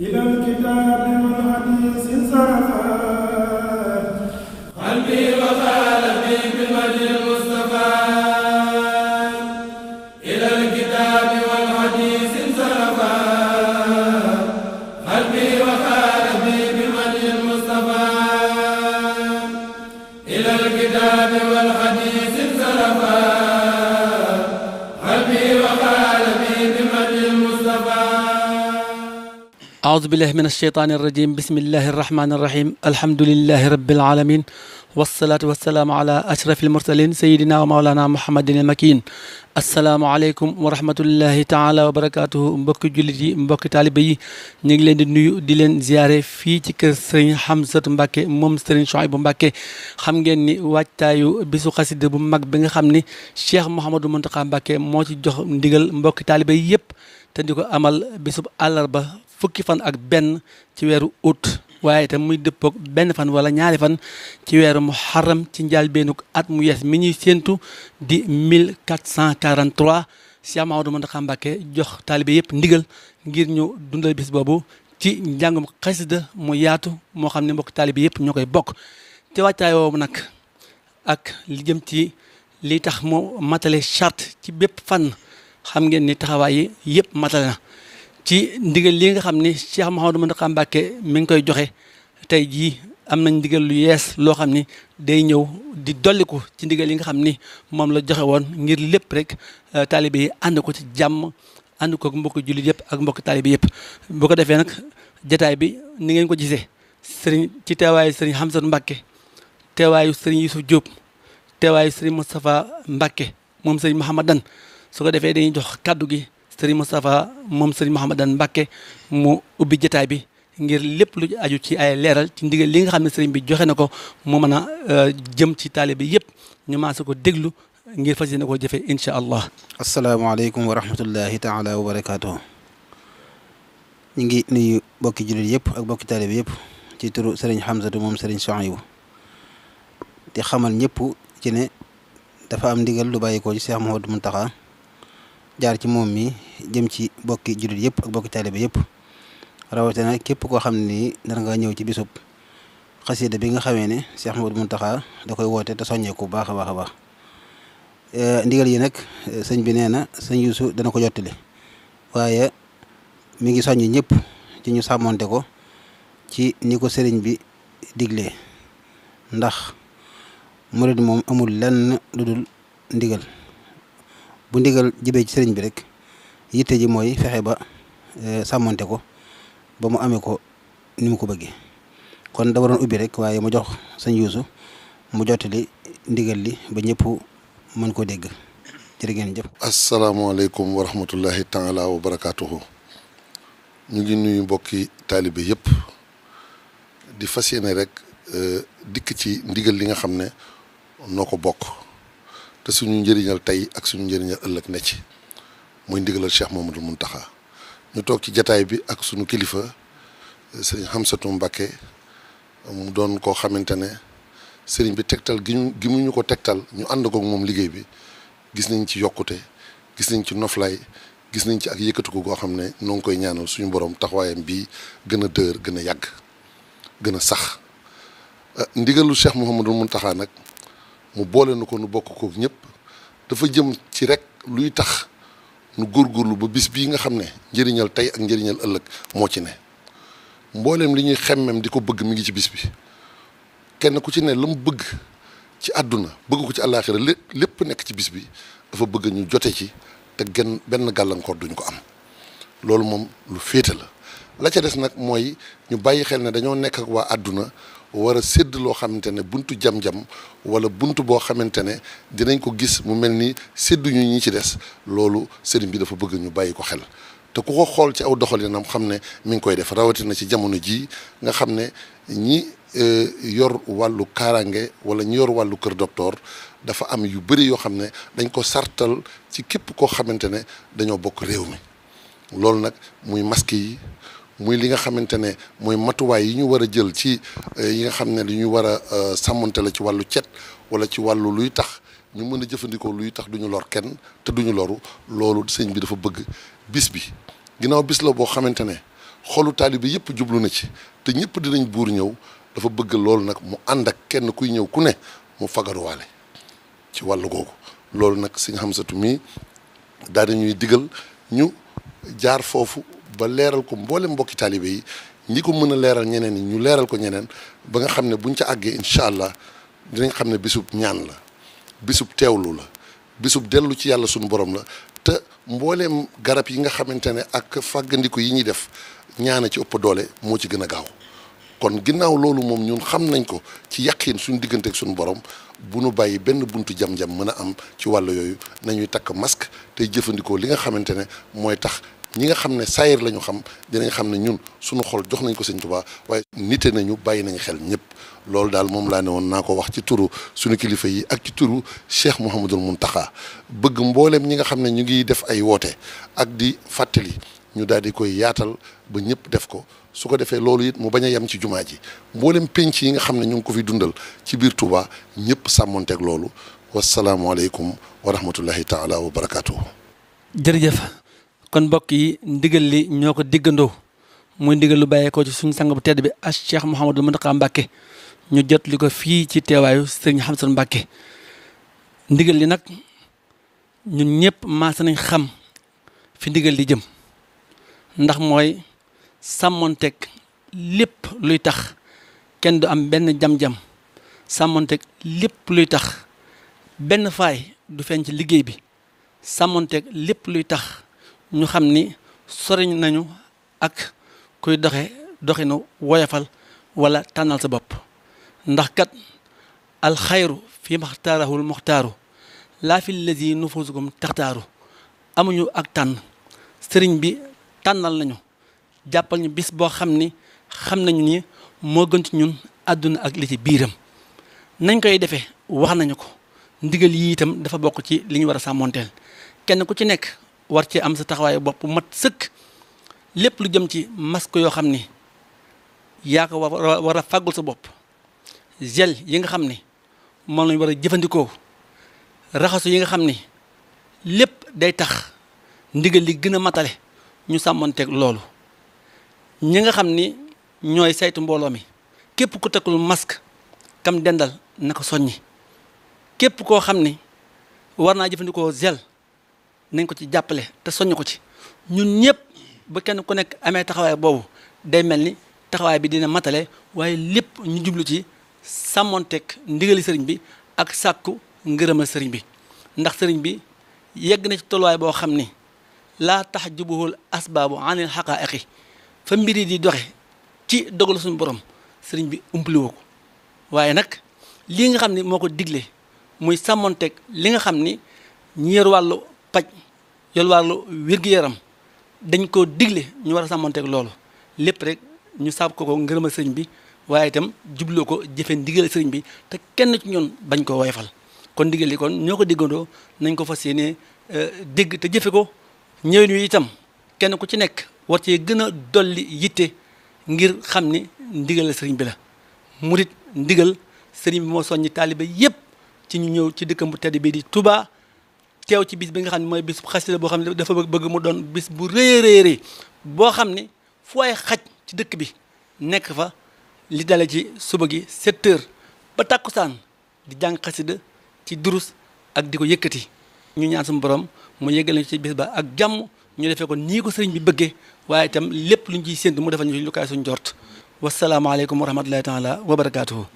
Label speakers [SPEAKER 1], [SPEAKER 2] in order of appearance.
[SPEAKER 1] إلى الكتاب والحديث انصرفت قلبي وقالبي بالوجه المصطفى إلى الكتاب والحديث انصرفت قلبي
[SPEAKER 2] وقالبي بالوجه المصطفى إلى الكتاب والحديث أعوذ بالله من الشيطان الرجيم بسم الله الرحمن الرحيم الحمد لله رب العالمين والصلاة والسلام على أشرف المرسلين سيدنا ومولانا محمد المكين السلام عليكم ورحمة الله تعالى وبركاته مبك جلدي مبك طالبي نجلد نيو دلن زيارة في تكر سرين حمزة مبك موم سرين شعيب مبك خمجن ني واتايو بسو قصد بمك بنغ خمني شيخ محمد منطقة مبك موتي جوخ ندقل مبك طالبي يب تنجوك عمل بسو ألربة fukki fan ak ben ci wéru août waye tam muy dëppoog ben fan wala ñaari fan ci wéru muharram ci benuk at mu yes mi ñi sentu di 1443 amadou mo ndaxam bakke jox talibé yépp ndigal ngir ñu dundal bis bobu ci njangum xasida mu yaatu mo xamni ne mbokk taalibe yëpp ñoo bok bokk te nak ak li jëm ci li tax mu matale charte ci bép fan xam ngeen ni taxaway yépp matalé matale na ci ndigal li nga xam ni Cheikh Mouhamadou Mountakha Mbacké mi ngi koy joxe tey jii am nañ ndigal lu yees loo xam ni day ñëw di dolliku ci ndigal yi nga xam ni moom la joxe woon ngir lépp rek euh, taalibe yi ànd ko ci jàmm ànd ko ak mbokk jullit yëpp ak mbokk taalibe yëpp bu ko defee nag jataay bi ni ngeen ko gisee sëriñ ci teewaayu sëriñ Hamsatu Mbacké teewaayu sëriñ Yuusuf Diop teewaayu sëriñ Moustapha Mbacké moom sëriñ Mahamadan su ko defee dañuy jox kaddu gi سري مصطفى موم سري محمد مباكي مو اوبي جتاي بي ngir lépp lu aju ci ay leral ci ndigal li nga xamne serigne bi joxe nako mo meuna jëm ci taalibe yëpp ñu ma sako déglu ngir fasiyene ko jëfe insha allah. assalamu alaykum wa rahmatullahi taala wa barakatuh
[SPEAKER 1] ñi ngi nuyu bokki julit yëpp ak bokki talib yëpp ci turu serigne hamza mom serigne Souhaïbou di xamal ñëpp ci ne dafa am ndigal lu bayiko ci Cheikh Mouhamadou muntaha jaar ci mom mi jëm ci bokki jullit yëpp ak bokki taalibe yëpp rawatina képp koo xam ni dara nga ñëw ci bisub xasida bi nga xamee ne Cheikh Mouhamadou Mountakha da koy woote te soñee bu baax a baax a eh, ndigal yi nag eh, sëñ bi nee na sëñ Yuusu dana ko jottali waaye mu ngi soññ ñëpp ci ñu sàmmonte ko ci ni ko sëriñ bi digle ndax murid moom amul lenn lu dul ndigal bu ndigal jibee ci sëriñ bi rek yitte ji mooy fexe ba e, sàmmante ko ba mu amee ko ni mu ko bëggee kon da waroon ubbi rek waaye mu jox sëñ Yuusu mu jottali ndigal li ba ñëpp mën koo dégg jërë ngeen jëf.
[SPEAKER 3] asalaamaaleykum wa rahmatullahi taala wa barakaatuhu ñu ngi nuyu mbokki taalibe yëpp di fas yéene rek e, dikk ci ndigal li nga xam ne noo ko bokk te suñu njëriñal tey ak suñu njëriñal ëllëg ne ci. muy ndigalal Cheikh Mamadou Mountakha ñu toog ci jataay bi ak sunu kilifa sëriñ Hamsatou Mbacké mu doon koo xamante ne sëriñ bi tegtal gi ñu ko tegtal ñu ànd moom liggéey bi gis nañ ci yokkute gis nañ ci noflaay gis nañ ci ak yëkkatiku goo xam ne noo ngi koy ñaanal suñu borom taxawaayam bii gën a dër gën a yàgg gën a sax euh, ndigalu Cheikh Mouhamadou Mountakha nag mu boole na ko nu bokk kook ñëpp dafa jëm ci rek luy tax nu góorlu ba bis bii nga xam ne njëriñal tey ak njëriñal ëllëg moo ci ne mboolem li ñuy xemmem di ko bëgg mu ngi ci bis bi kenn ku ci ne lu mu bëgg ci àdduna bëgg ko ci àllaaxira lépp nekk ci bis bi dafa bëgg ñu jote ci te genn benn gàllankoor duñ ko am loolu moom lu féete la la ca des nag mooy ñu bàyyi xel ne dañoo nekk waa àdduna war a sédd loo xamante ne buntu jam-jam wala bunt boo xamante ne dinañ ko gis mu mel ni sédduñu ñi ci des loolu sëriñ bi dafa bëgg ñu bàyyi ko xel te ku ko xool ci aw doxalinam xam ne mi ngi koy def rawatina ci jamono jii nga xam ne ñi e, yor wàllu kaaraange wala ñi yor wàllu kër docteur dafa am yu bëri yoo xam ne dañ ko sartal ci képp koo xamante ne dañoo bokk réew mi loolu nag muy masque yi muy li nga xamante ne mooy matuwaay yi ñu war a jël ci euh, yi nga xam ne li ñu war a euh, sàmmante la ci wàllu cet wala ci wàllu luy tax ñu mën a jëfandikoo luy tax duñu lor kenn te duñu loru loolu sëñ bi dafa bëgg bis bi ginnaaw bis la boo xamante ne xolu taalibe yëpp jublu na ci te ñëpp dinañ buur ñëw dafa bëgg loolu nag mu ànd ak kenn kuy ñëw ku ne mu fagaruwaale ci wàllu googu loolu nag sëñ Hamsatu mii daal di ñuy digal ñu jaar foofu ba leeral ko mboolem mbokki taalibe yi ñi ko mën a leeral ñeneen ñi ñu leeral ko ñeneen ba nga xam ne buñ ca àggee incha allah dinañ xam ne bisub ñaan la bisub teewlu la bisub dellu ci yàlla suñu borom la te mbooleem garab yi nga xamante ne ak fàggandiku yi ñuy def ñaana ci ëpp doole moo ci gën a gaaw kon ginnaaw loolu moom ñun xam nañ ko ci yàqin suñu diggante ak suñu borom bu nu bàyyi benn buntu jam-jam mën a am ci wàll yooyu nañuy takk masque tey jëfandikoo li nga xamante ne mooy tax ñi nga xam ne saayir la ñu xam dinañ xam ne ñun suñu xol jox nañ ko sëñ Tuubaa waaye nite nañu bàyyi nañ xel ñëpp loolu daal moom laa ne woon naa ko wax ci turu suñu kilifa yi ak ci turu Cheikh mun Mountakha bëgg mbooleem ñi nga xam ne ñu ngi def ay woote ak di fàttali ñu daal di koy yaatal ba ñëpp def ko su ko defee loolu it mu bañ a yem ci jumaa ji mboolem penc yi nga xam ne ñu ngi ko fi dundal ci biir Touba ñëpp sàmmonteeg loolu wasalaamualeykum wa rahmatullahi taala wa barakaatu.
[SPEAKER 2] jërëjëf. kon mbokk yi ndigal li ñoo ko diggandoo muy ndigal lu bàyyeekoo ci suñ sang bu tedd bi ah Cheikh Mouhamadou Mountakha Mbacké ñu jot li ko fii ci teewaayu sëriñ Hamsan Mbacké ndigal li nag ñu ñëpp maas xam fi ndigal li jëm ndax mooy sàmmonteeg lépp luy tax kenn du am benn jam-jam sàmmonteeg lépp luy tax benn faay du feeñ ci liggéey bi sàmmonteeg lépp luy tax ñu xam ni soriñ nañu ak kuy doxe doxinu woyafal wala tànnal sa bopp ndax kat alxayru fi maxtaarahul muxtaaru laa fi lazi nufusukum taxtaaru amuñu ak tànn sëriñ bi tànnal nañu jàppal ñu bis boo xam ni xam nañu ni moo gën ci ñun àdduna ak li ci biiram nañ koy defe wax nañu ko ndigal yi itam dafa bokk ci li ñu war a sàmmonteel kenn ku ci nekk war ci am sa taxawaayu bopp mat seuk lepp lu jëm ci masque yo xamni ya ko wara fagul sa bop gel yi nga xamni mo lañ war raxasu yi nga xamni lepp day tax ndigal li gëna matalé matale samonté ak loolu ñi nga xamni ñoy saytu mbolo mi képp ku masque kam dendal naka soñi soññi képp zel gel nañ ko ci jàppale te soññ ko ci ñun ñëpp ba kenn ku nekk amee taxawaay boobu day mel ni taxawaay bi dina matale waaye lépp ñu jublu ci sàmmonteeg ndigali sëriñ bi ak sàkku ngërëmal sëriñ bi ndax sëriñ bi yegg na ci tolluwaay boo xam ni laa tax jubuhul asbaabu anil xaqaa'iqi fa mbir yi di doxe ci dogal suñu borom sëriñ bi umpliwu ko waaye nag li nga xam ni moo ko digle muy sàmmonteeg li nga xam ni ñeer wàllu paj yolwaalu wér-gu-yaram dañ ko digle ñu war a sàmmonteeg loolu lépp rek ñu saab ko ko ngërëmal sëriñ bi waaye tam jubloo ko jëfe ndigal sëriñ bi te kenn ci ñoon bañ koo woyofal kon ndigal kon ñoo ko déggandoo nañ ko fas yéene euh, dégg te jëfe ko ñëwen wi itam kenn ku ci nekk war cee gën a dolli yitte ngir xam ni ndigal sëriñ bi la murit ndigal sëriñ bi moo soññi taaliba yépp ci ñëw ci dëkkam bu bii di Touba tew ci bis bi nga xamni moy bis xasida boo xam ne dafa bëgg mu doon bis bu réeréeri boo xam ne fu ay xaj ci dëkk bi nekk fa li dalé ci suba gi 7 h ba takusan di jang xassida ci durus ak diko yëkëti ñu ñaan suñu borom mu yëgal ci bis ba ak jamm ñu defee ko ni ko sëriñ bi bëggee waye tam lepp luñ ci ciy mu defal ñu lu kay suñu jort alaykum wa rahmatullahi taala wa barakaatuhu.